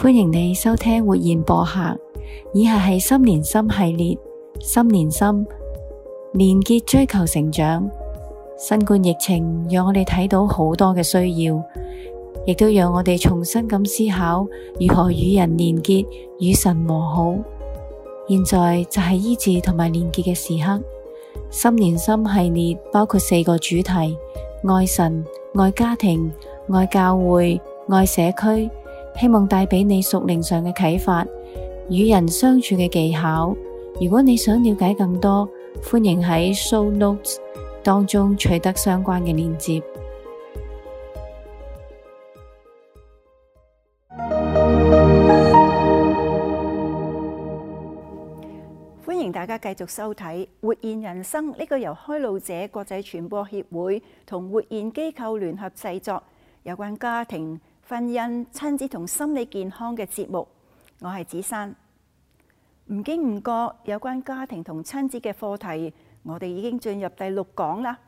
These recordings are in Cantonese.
歡迎你收聽希望帶俾你屬靈上嘅啟發，與人相處嘅技巧。如果你想了解更多，歡迎喺 show notes 當中取得相關嘅鏈接。歡迎大家繼續收睇《活現人生》呢個由開路者國際傳播協會同活現機構聯合製作，有關家庭，婚姻、親子同心理健康嘅節目，我係子珊。唔經唔覺，有關家庭同親子嘅課題，我哋已經進入第六講啦。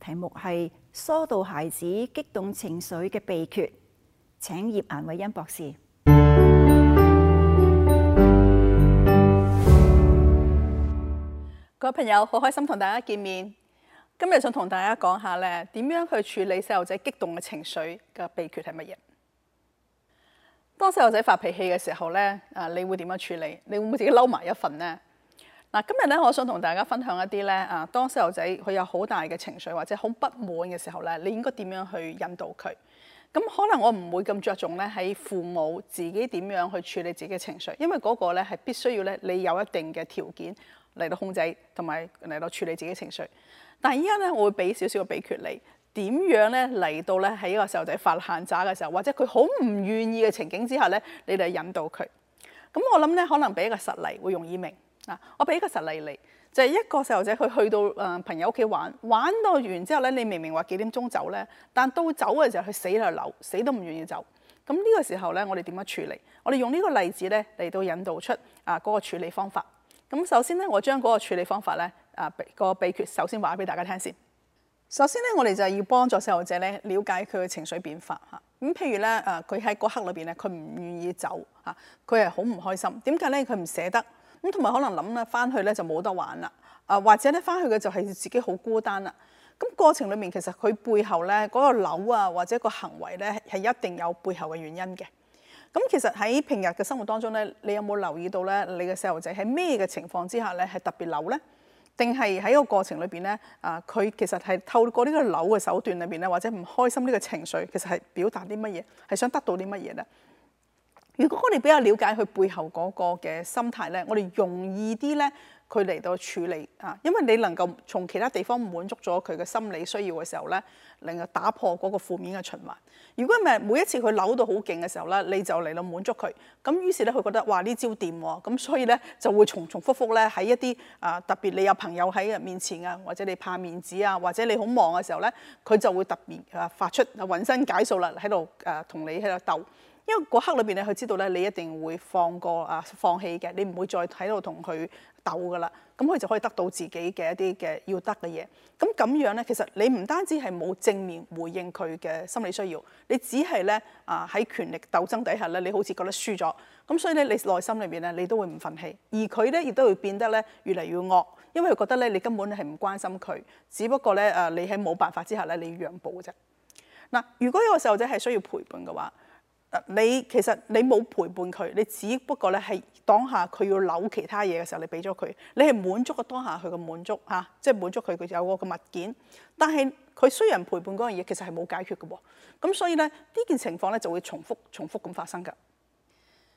題目係疏導孩子激動情緒嘅秘訣。請葉顏瑋茵博士。各位朋友，好開心同大家見面。今日想同大家講下咧，點樣去處理細路仔激動嘅情緒嘅、那個、秘訣係乜嘢？當細路仔發脾氣嘅時候咧，啊你會點樣處理？你會唔會自己嬲埋一份呢？嗱，今日咧我想同大家分享一啲咧，啊當細路仔佢有好大嘅情緒或者好不滿嘅時候咧，你應該點樣去引導佢？咁可能我唔會咁着重咧喺父母自己點樣去處理自己嘅情緒，因為嗰個咧係必須要咧你有一定嘅條件嚟到控制同埋嚟到處理自己嘅情緒。但係依家咧我會俾少少嘅秘訣你。點樣咧嚟到咧喺呢個細路仔發爛渣嘅時候，或者佢好唔願意嘅情景之下咧，你哋引導佢。咁我諗咧，可能俾一個實例會容易明啊！我俾一個實例嚟，就係、是、一個細路仔佢去到誒朋友屋企玩，玩到完之後咧，你明明話幾點鐘走咧，但到走嘅時候佢死喺度，死都唔願意走。咁呢個時候咧，我哋點樣處理？我哋用呢個例子咧嚟到引導出啊嗰個處理方法。咁首先咧，我將嗰個處理方法咧啊、那個秘訣首先話俾大家聽先。首先咧，我哋就係要幫助細路仔咧，了解佢嘅情緒變化嚇。咁譬如咧，誒佢喺嗰刻裏邊咧，佢唔願意走嚇，佢係好唔開心。點解咧？佢唔捨得。咁同埋可能諗咧，翻去咧就冇得玩啦。誒或者咧，翻去嘅就係自己好孤單啦。咁過程裏面其實佢背後咧嗰個扭啊，或者個行為咧係一定有背後嘅原因嘅。咁其實喺平日嘅生活當中咧，你有冇留意到咧，你嘅細路仔喺咩嘅情況之下咧係特別扭咧？定係喺個過程裏面咧，啊，佢其實係透過呢個扭嘅手段裏面咧，或者唔開心呢個情緒，其實係表達啲乜嘢，係想得到啲乜嘢咧？如果我哋比較了解佢背後嗰個嘅心態咧，我哋容易啲咧。佢嚟到處理啊，因為你能夠從其他地方滿足咗佢嘅心理需要嘅時候咧，能夠打破嗰個負面嘅循環。如果唔係每一次佢扭到好勁嘅時候咧，你就嚟到滿足佢，咁於是咧佢覺得哇，呢招掂喎，咁所以咧就會重重複複咧喺一啲啊特別你有朋友喺面前啊，或者你怕面子啊，或者你好忙嘅時候咧，佢就會特別啊發出啊渾身解數啦喺度誒同你喺度鬥。因為嗰刻裏邊咧，佢知道咧，你一定會放過啊，放棄嘅，你唔會再喺度同佢鬥噶啦。咁佢就可以得到自己嘅一啲嘅要得嘅嘢。咁咁樣咧，其實你唔單止係冇正面回應佢嘅心理需要，你只係咧啊喺權力鬥爭底下咧，你好似覺得輸咗。咁所以咧，你內心裏邊咧，你都會唔憤氣，而佢咧亦都會變得咧越嚟越惡，因為佢覺得咧你根本係唔關心佢，只不過咧誒、啊、你喺冇辦法之下咧，你要讓步啫。嗱、啊，如果一個細路仔係需要陪伴嘅話，你其實你冇陪伴佢，你只不過咧係當下佢要扭其他嘢嘅時候，你給他，你俾咗佢，你係滿足咗當下佢嘅滿足嚇，啊，即係滿足佢佢有個物件。但係佢雖然陪伴嗰樣嘢，其實係冇解決嘅喎。咁所以咧，呢件情況咧就會重複重複咁發生㗎。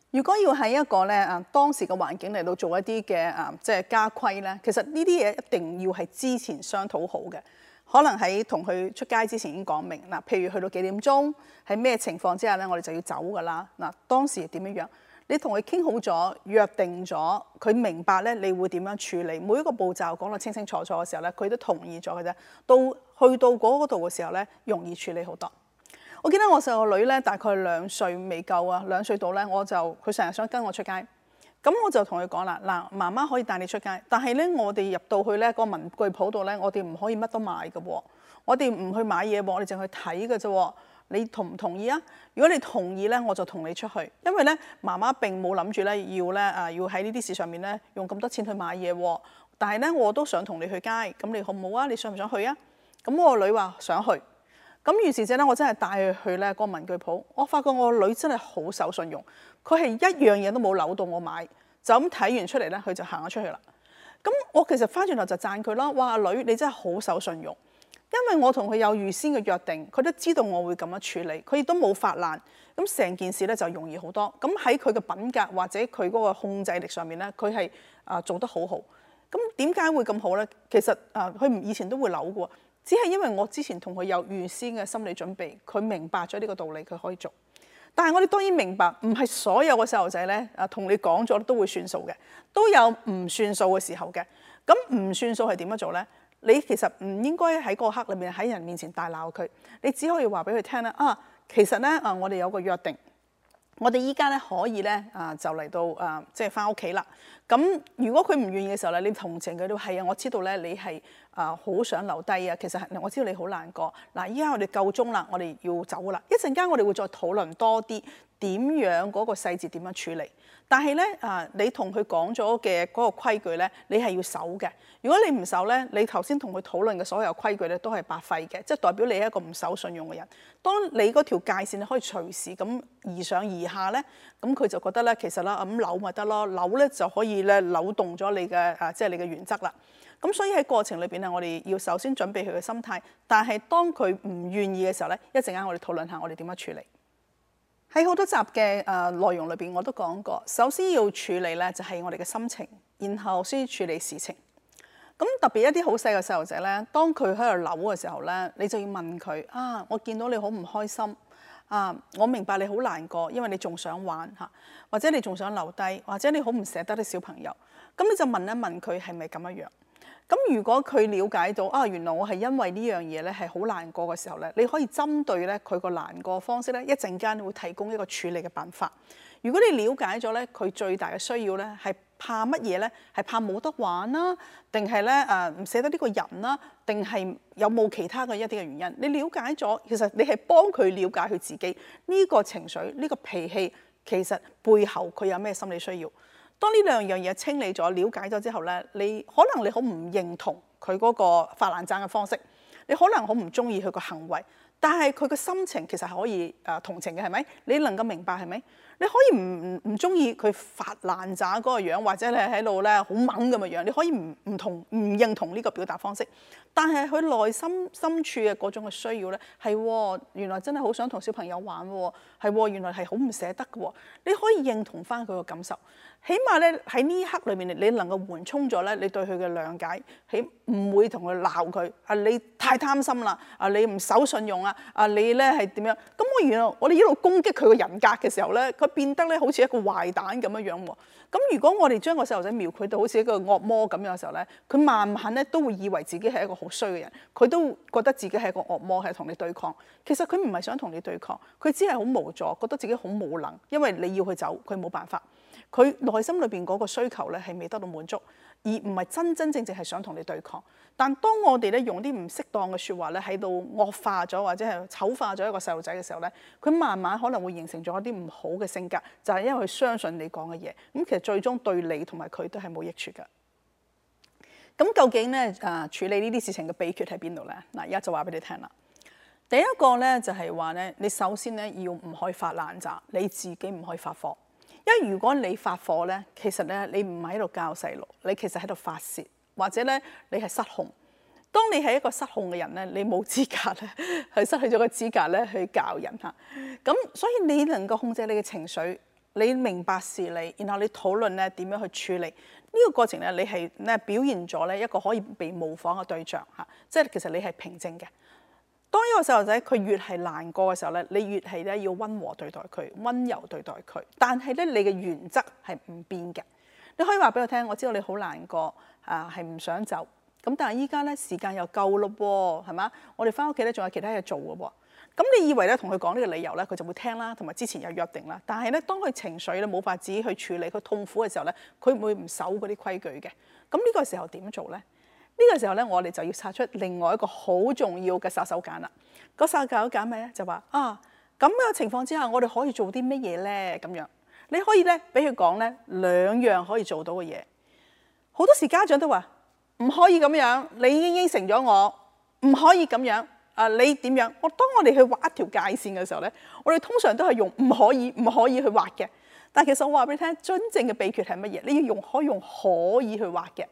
如果要喺一個咧啊當時嘅環境嚟到做一啲嘅啊即係家規咧，其實呢啲嘢一定要係之前商討好嘅。可能喺同佢出街之前已經講明嗱，譬如去到幾點鐘，喺咩情況之下咧，我哋就要走噶啦嗱。當時係點樣樣？你同佢傾好咗，約定咗，佢明白咧，你會點樣處理每一個步驟，講得清清楚楚嘅時候咧，佢都同意咗嘅啫。到去到嗰度嘅時候咧，容易處理好多。我記得我細個女咧，大概兩歲未夠啊，兩歲到咧，我就佢成日想跟我出街。咁我就同佢講啦，嗱，媽媽可以帶你出街，但係咧，我哋入到去咧嗰、那個文具鋪度咧，我哋唔可以乜都買嘅喎、哦，我哋唔去買嘢喎，我哋淨係去睇嘅啫。你同唔同意啊？如果你同意咧，我就同你出去，因為咧，媽媽並冇諗住咧要咧啊、呃，要喺呢啲事上面咧用咁多錢去買嘢。但係咧，我都想同你去街，咁你好唔好啊？你想唔想去啊？咁我個女話想去，咁於是者咧，我真係帶佢去咧嗰、那個文具鋪。我發覺我個女兒真係好守信用。佢係一樣嘢都冇扭到我買，就咁睇完出嚟咧，佢就行咗出去啦。咁我其實翻轉頭就讚佢啦。哇，阿女你真係好守信用，因為我同佢有預先嘅約定，佢都知道我會咁樣處理，佢亦都冇發爛。咁成件事咧就容易好多。咁喺佢嘅品格或者佢嗰個控制力上面咧，佢係啊做得好好。咁點解會咁好咧？其實啊，佢唔以前都會扭過，只係因為我之前同佢有預先嘅心理準備，佢明白咗呢個道理，佢可以做。但係我哋當然明白，唔係所有個細路仔咧啊，同你講咗都會算數嘅，都有唔算數嘅時候嘅。咁唔算數係點樣做咧？你其實唔應該喺嗰刻裏面喺人面前大鬧佢，你只可以話俾佢聽啦啊。其實咧啊，我哋有個約定。我哋依家咧可以咧啊，就嚟到啊，即係翻屋企啦。咁如果佢唔願意嘅時候咧，你同情佢都係啊，我知道咧你係啊好想留低啊。其實係，我知道你好難過。嗱，依家我哋夠鐘啦，我哋要走啦。一陣間我哋會再討論多啲點樣嗰個細節點樣處理。但係咧，啊，你同佢講咗嘅嗰個規矩咧，你係要守嘅。如果你唔守咧，你頭先同佢討論嘅所有規矩咧，都係白費嘅，即係代表你係一個唔守信用嘅人。當你嗰條界線你可以隨時咁移上移下咧，咁佢就覺得咧，其實啦咁扭咪得咯，扭咧就可以咧扭動咗你嘅啊，即係你嘅原則啦。咁所以喺過程裏邊咧，我哋要首先準備佢嘅心態。但係當佢唔願意嘅時候咧，一陣間我哋討論下我哋點樣處理。喺好多集嘅誒內容裏邊，我都講過，首先要處理咧就係我哋嘅心情，然後先處理事情。咁特別一啲好細嘅細路仔咧，當佢喺度扭嘅時候咧，你就要問佢啊，我見到你好唔開心啊，我明白你好難過，因為你仲想玩吓，或者你仲想留低，或者你好唔捨得啲小朋友，咁你就問一問佢係咪咁樣？咁如果佢了解到啊，原來我係因為呢樣嘢咧係好難過嘅時候咧，你可以針對咧佢個難過方式咧，一陣間會提供一個處理嘅辦法。如果你了解咗咧，佢最大嘅需要咧係怕乜嘢咧？係怕冇得玩啦，定係咧誒唔捨得呢個人啦，定係有冇其他嘅一啲嘅原因？你了解咗，其實你係幫佢了解佢自己呢個情緒、呢個脾氣，其實背後佢有咩心理需要。當呢兩樣嘢清理咗、了解咗之後咧，你可能你好唔認同佢嗰個發爛渣嘅方式，你可能好唔中意佢個行為，但係佢個心情其實係可以誒同情嘅，係咪？你能夠明白係咪？你可以唔唔中意佢發爛渣嗰個樣，或者你喺度咧好猛咁嘅樣，你可以唔唔同唔認同呢個表達方式，但係佢內心深處嘅嗰種嘅需要咧，係、哦、原來真係好想同小朋友玩喎，係、哦、原來係好唔捨得嘅喎，你可以認同翻佢嘅感受。起碼咧，喺呢一刻裏面你能夠緩衝咗咧，你對佢嘅諒解，起唔會同佢鬧佢啊！你太貪心啦！啊，你唔守信用啊！啊，你咧係點樣？咁我原來我哋一路攻擊佢嘅人格嘅時候咧，佢變得咧好似一個壞蛋咁樣喎。咁如果我哋將個細路仔描繪到好似一個惡魔咁樣嘅時候咧，佢慢慢咧都會以為自己係一個好衰嘅人，佢都覺得自己係一個惡魔，係同你對抗。其實佢唔係想同你對抗，佢只係好無助，覺得自己好無能，因為你要佢走，佢冇辦法。佢內心裏邊嗰個需求咧係未得到滿足，而唔係真真正正係想同你對抗。但當我哋咧用啲唔適當嘅說話咧，喺度惡化咗或者係醜化咗一個細路仔嘅時候咧，佢慢慢可能會形成咗一啲唔好嘅性格，就係、是、因為佢相信你講嘅嘢。咁、嗯、其實最終對你同埋佢都係冇益處噶。咁究竟咧啊處理呢啲事情嘅秘訣喺邊度咧？嗱，而家就話俾你聽啦。第一個咧就係話咧，你首先咧要唔可以發爛咋，你自己唔可以發火。因為如果你發火咧，其實咧你唔係喺度教細路，你其實喺度發泄，或者咧你係失控。當你係一個失控嘅人咧，你冇資格咧係失去咗個資格咧去教人嚇。咁所以你能夠控制你嘅情緒，你明白事理，然後你討論咧點樣去處理呢、呢個過程咧，你係咧表現咗咧一個可以被模仿嘅對象嚇，即係其實你係平靜嘅。當呢個細路仔佢越係難過嘅時候咧，你越係咧要温和對待佢，温柔對待佢。但係咧，你嘅原則係唔變嘅。你可以話俾我聽，我知道你好難過啊，係唔想走。咁但係依家咧時間又夠咯，係嘛？我哋翻屋企咧仲有其他嘢做嘅。咁你以為咧同佢講呢個理由咧，佢就會聽啦，同埋之前有約定啦。但係咧，當佢情緒咧冇法自己去處理佢痛苦嘅時候咧，佢唔會唔守嗰啲規矩嘅。咁呢個時候點做咧？呢個時候咧，我哋就要殺出另外一個好重要嘅殺手鐧啦。嗰殺手鐧係咩咧？就話啊，咁嘅情況之下，我哋可以做啲乜嘢咧？咁樣你可以咧，俾佢講咧，兩樣可以做到嘅嘢。好多時家長都話唔可以咁樣，你已經應承咗我唔可以咁樣。啊，你點樣？我當我哋去畫一條界線嘅時候咧，我哋通常都係用唔可以、唔可以去畫嘅。但其實我話俾你聽，真正嘅秘訣係乜嘢？你要用可以，用可以去畫嘅。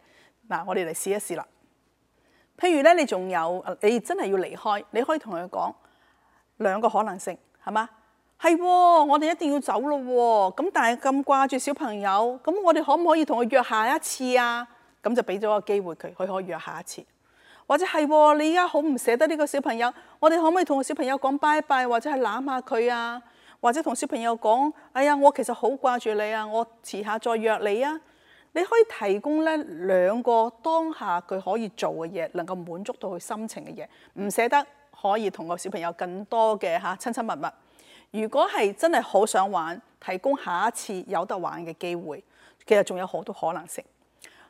嗱，我哋嚟試一試啦。譬如咧，你仲有你真係要離開，你可以同佢講兩個可能性，係嘛？係喎，我哋一定要走咯。咁但係咁掛住小朋友，咁我哋可唔可以同佢約下一次啊？咁就俾咗個機會佢，佢可以約下一次。或者係喎，你依家好唔捨得呢個小朋友，我哋可唔可以同個小朋友講拜拜，或者係攬下佢啊？或者同小朋友講，哎呀，我其實好掛住你啊，我遲下再約你啊。你可以提供咧兩個當下佢可以做嘅嘢，能夠滿足到佢心情嘅嘢。唔捨得可以同個小朋友更多嘅嚇親親密密。如果係真係好想玩，提供下一次有得玩嘅機會，其實仲有好多可能性。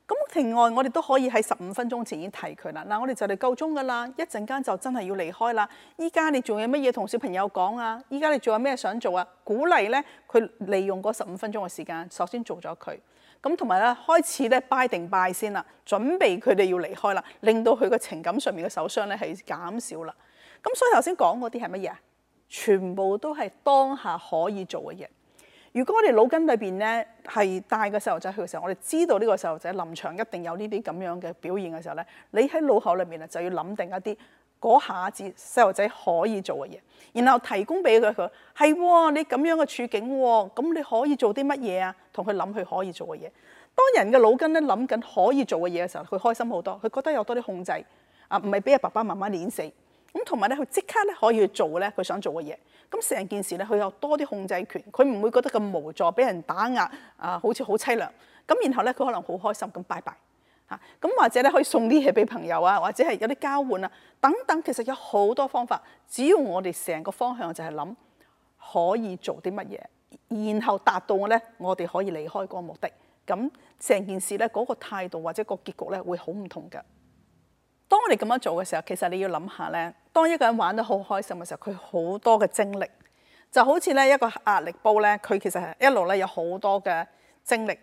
咁另外我哋都可以喺十五分鐘前已經提佢啦。嗱，我哋就嚟夠鐘噶啦，一陣間就真係要離開啦。依家你仲有乜嘢同小朋友講啊？依家你仲有咩想做啊？鼓勵咧，佢利用嗰十五分鐘嘅時間，首先做咗佢。咁同埋咧，開始咧拜定拜先啦，準備佢哋要離開啦，令到佢個情感上面嘅受傷咧係減少啦。咁所以頭先講嗰啲係乜嘢啊？全部都係當下可以做嘅嘢。如果我哋腦筋裏面咧係帶個細路仔去嘅時候，我哋知道呢個細路仔臨場一定有呢啲咁樣嘅表現嘅時候咧，你喺腦口裏面呢就要諗定一啲。嗰下子細路仔可以做嘅嘢，然後提供俾佢，佢係你咁樣嘅處境喎、哦，咁你可以做啲乜嘢啊？同佢諗佢可以做嘅嘢。當人嘅腦筋咧諗緊可以做嘅嘢嘅時候，佢開心好多，佢覺得有多啲控制啊，唔係俾阿爸爸媽媽碾死。咁同埋咧，佢即刻咧可以做咧佢想做嘅嘢。咁成件事咧，佢有多啲控制權，佢唔會覺得咁無助，俾人打壓啊，好似好凄涼。咁然後咧，佢可能好開心，咁拜拜。咁或者咧可以送啲嘢俾朋友啊，或者係有啲交換啊，等等。其實有好多方法，只要我哋成個方向就係諗可以做啲乜嘢，然後達到我咧，我哋可以離開嗰個目的。咁成件事咧嗰個態度或者個結局咧會好唔同㗎。當我哋咁樣做嘅時候，其實你要諗下咧，當一個人玩得好開心嘅時候，佢好多嘅精力，就好似咧一個壓力煲咧，佢其實係一路咧有好多嘅精力。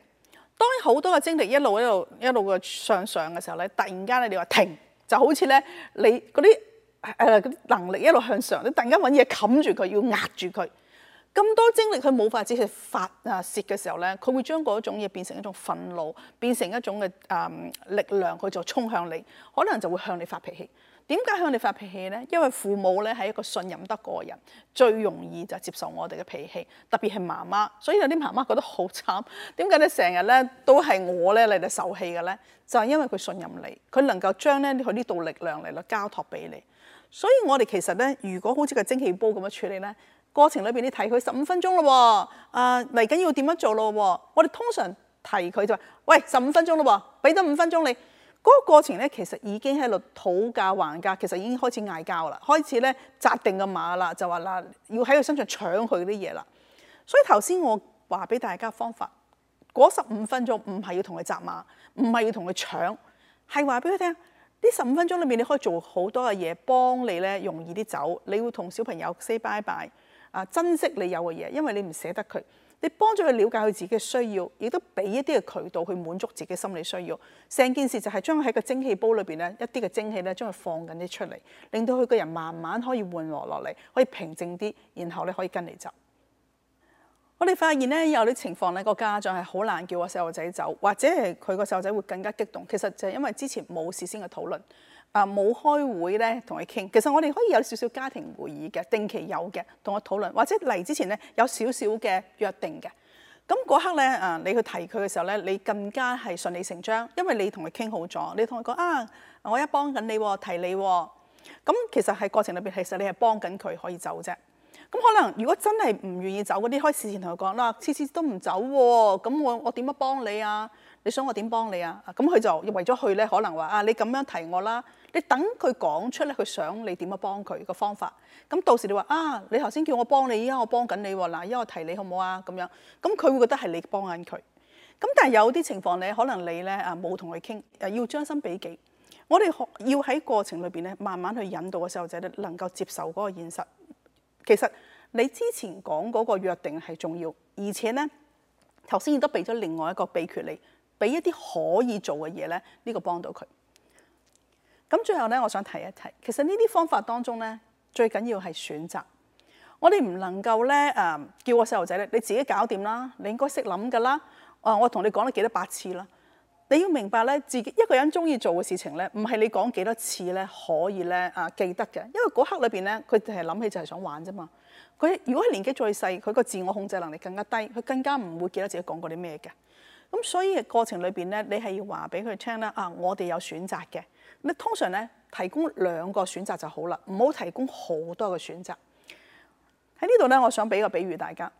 當好多個精力一路一路一路嘅向上嘅時候咧，突然間咧你話停，就好似咧你嗰啲誒嗰啲能力一路向上，你突然間揾嘢冚住佢，要壓住佢。咁多精力佢冇法子去發啊泄嘅時候咧，佢會將嗰種嘢變成一種憤怒，變成一種嘅誒、呃、力量，佢就衝向你，可能就會向你發脾氣。點解向你發脾氣咧？因為父母咧係一個信任得過人，最容易就接受我哋嘅脾氣，特別係媽媽。所以有啲媽媽覺得好慘。點解咧？成日咧都係我咧嚟到受氣嘅咧，就係、是、因為佢信任你，佢能夠將咧佢呢度力量嚟到交託俾你。所以我哋其實咧，如果好似個蒸氣煲咁樣處理咧，過程裏邊你提佢十五分鐘嘞喎，啊嚟緊要點樣做咯喎？我哋通常提佢就話，喂，十五分鐘嘞喎，俾多五分鐘你。嗰個過程咧，其實已經喺度討價還價，其實已經開始嗌交啦，開始咧紮定個馬啦，就話嗱，要喺佢身上搶佢啲嘢啦。所以頭先我話俾大家方法，嗰十五分鐘唔係要同佢紮馬，唔係要同佢搶，係話俾佢聽，呢十五分鐘裏面你可以做好多嘅嘢，幫你咧容易啲走。你要同小朋友 say bye bye 啊，珍惜你有嘅嘢，因為你唔捨得佢。你幫咗佢了解佢自己嘅需要，亦都俾一啲嘅渠道去滿足自己的心理需要。成件事就係將佢喺個蒸氣煲裏邊咧一啲嘅蒸氣咧，將佢放緊啲出嚟，令到佢個人慢慢可以緩和落嚟，可以平靜啲，然後咧可以跟你走。我哋發現咧有啲情況咧，個家長係好難叫個細路仔走，或者係佢個細路仔會更加激動。其實就係因為之前冇事先嘅討論。啊冇開會咧，同佢傾。其實我哋可以有少少家庭會議嘅，定期有嘅，同我討論，或者嚟之前咧有少少嘅約定嘅。咁嗰刻咧，啊你去提佢嘅時候咧，你更加係順理成章，因為你同佢傾好咗，你同佢講啊，我一幫緊你提你。咁其實係過程裏邊，其實你係幫緊佢可以走啫。咁可能如果真係唔願意走嗰啲，開事前同佢講啦，次次都唔走，哦，咁我我點樣幫你啊？你想我點幫你啊？咁佢就為咗去咧，可能話啊，你咁樣提我啦。你等佢講出咧，佢想你點樣幫佢個方法。咁到時你話啊，你頭先叫我幫你，依家我幫緊你喎。嗱，依家我提你好唔好啊？咁樣，咁佢會覺得係你幫緊佢。咁但係有啲情況你可能你咧啊冇同佢傾，要將心比己。我哋要喺過程裏邊咧，慢慢去引導個細路仔咧，能夠接受嗰個現實。其實你之前講嗰個約定係重要，而且咧頭先亦都俾咗另外一個秘訣你，俾一啲可以做嘅嘢咧，呢個幫到佢。咁最後咧，我想提一提，其實呢啲方法當中咧，最緊要係選擇。我哋唔能夠咧，誒、呃、叫個細路仔咧，你自己搞掂啦。你應該識諗噶啦。啊、呃，我同你講咗幾多百次啦，你要明白咧，自己一個人中意做嘅事情咧，唔係你講幾多次咧可以咧啊記得嘅，因為嗰刻裏邊咧，佢係諗起就係想玩啫嘛。佢如果係年紀再細，佢個自我控制能力更加低，佢更加唔會記得自己講過啲咩嘅。咁所以嘅過程裏邊咧，你係要話俾佢聽啦：「啊，我哋有選擇嘅。你通常咧提供兩個選擇就好啦，唔好提供好多嘅選擇。喺呢度咧，我想俾個比喻大家，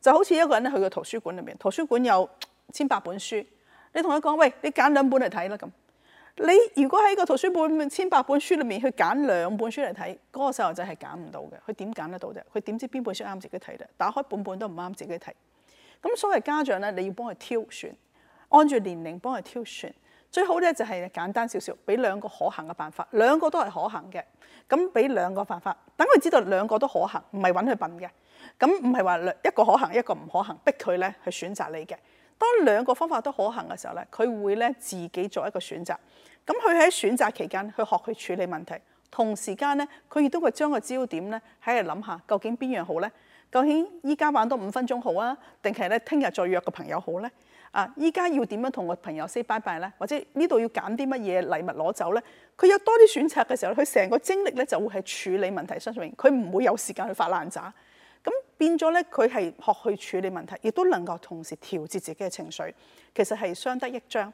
就好似一個人咧去個圖書館裏面，圖書館有千百本書，你同佢講喂，你揀兩本嚟睇啦咁。你如果喺個圖書館千百本書裏面去揀兩本書嚟睇，嗰個細路仔係揀唔到嘅，佢點揀得到啫？佢點知邊本書啱自己睇咧？打開本本都唔啱自己睇。咁所謂家長咧，你要幫佢挑選，按住年齡幫佢挑選。最好咧就係簡單少少，俾兩個可行嘅辦法，兩個都係可行嘅。咁俾兩個辦法，等佢知道兩個都可行，唔係揾佢笨嘅。咁唔係話一個可行一個唔可行，逼佢咧去選擇你嘅。當兩個方法都可行嘅時候咧，佢會咧自己做一個選擇。咁佢喺選擇期間去學去處理問題，同時間咧佢亦都會將個焦點咧喺度諗下究竟邊樣好咧。究竟依家玩多五分鐘好啊？定係咧聽日再約個朋友好咧？啊！依家要點樣同個朋友 say bye bye 咧？或者這裏呢度要揀啲乜嘢禮物攞走咧？佢有多啲選擇嘅時候，佢成個精力咧就會係處理問題。相信佢唔會有時間去發爛渣。咁變咗咧，佢係學去處理問題，亦都能夠同時調節自己嘅情緒。其實係相得益彰。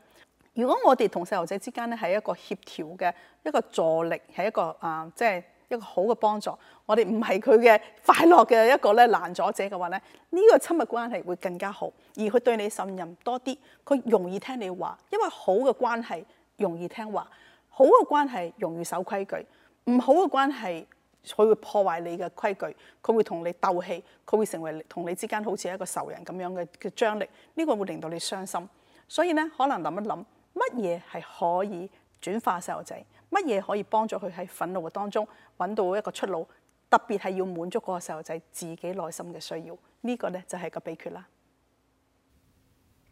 如果我哋同細路仔之間咧係一個協調嘅一個助力，係一個啊，即係。一個好嘅幫助，我哋唔係佢嘅快樂嘅一個咧攔阻者嘅話咧，呢個親密關係會更加好，而佢對你信任多啲，佢容易聽你話，因為好嘅關係容易聽話，好嘅關係容易守規矩，唔好嘅關係佢會破壞你嘅規矩，佢會同你鬥氣，佢會成為同你之間好似一個仇人咁樣嘅嘅張力，呢個會令到你傷心，所以咧可能諗一諗乜嘢係可以轉化細路仔。乜嘢可以幫助佢喺憤怒嘅當中揾到一個出路？特別係要滿足嗰個細路仔自己內心嘅需要，呢、呢個呢，就係個秘訣啦。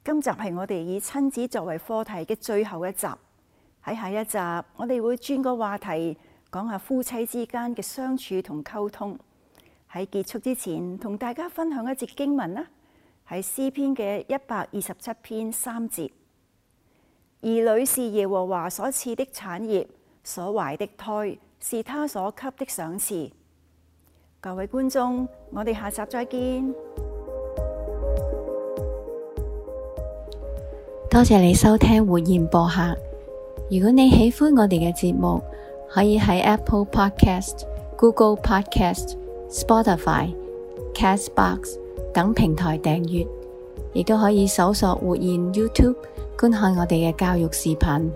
今集係我哋以親子作為課題嘅最後一集。喺下一集，我哋會轉個話題，講下夫妻之間嘅相處同溝通。喺結束之前，同大家分享一節經文啦，係詩篇嘅一百二十七篇三節。兒女是耶和華所賜的產業。所懷的胎是他所給的賞賜。各位觀眾，我哋下集再見。多謝你收聽活現播客。如果你喜歡我哋嘅節目，可以喺 Apple Podcast、Google Podcast、Spotify、Castbox 等平台訂閱，亦都可以搜索活現 YouTube 觀看我哋嘅教育視頻。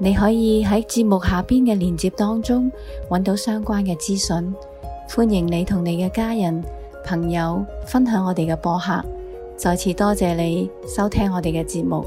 你可以喺節目下邊嘅鏈接當中搵到相關嘅資訊，歡迎你同你嘅家人、朋友分享我哋嘅播客。再次多謝你收聽我哋嘅節目。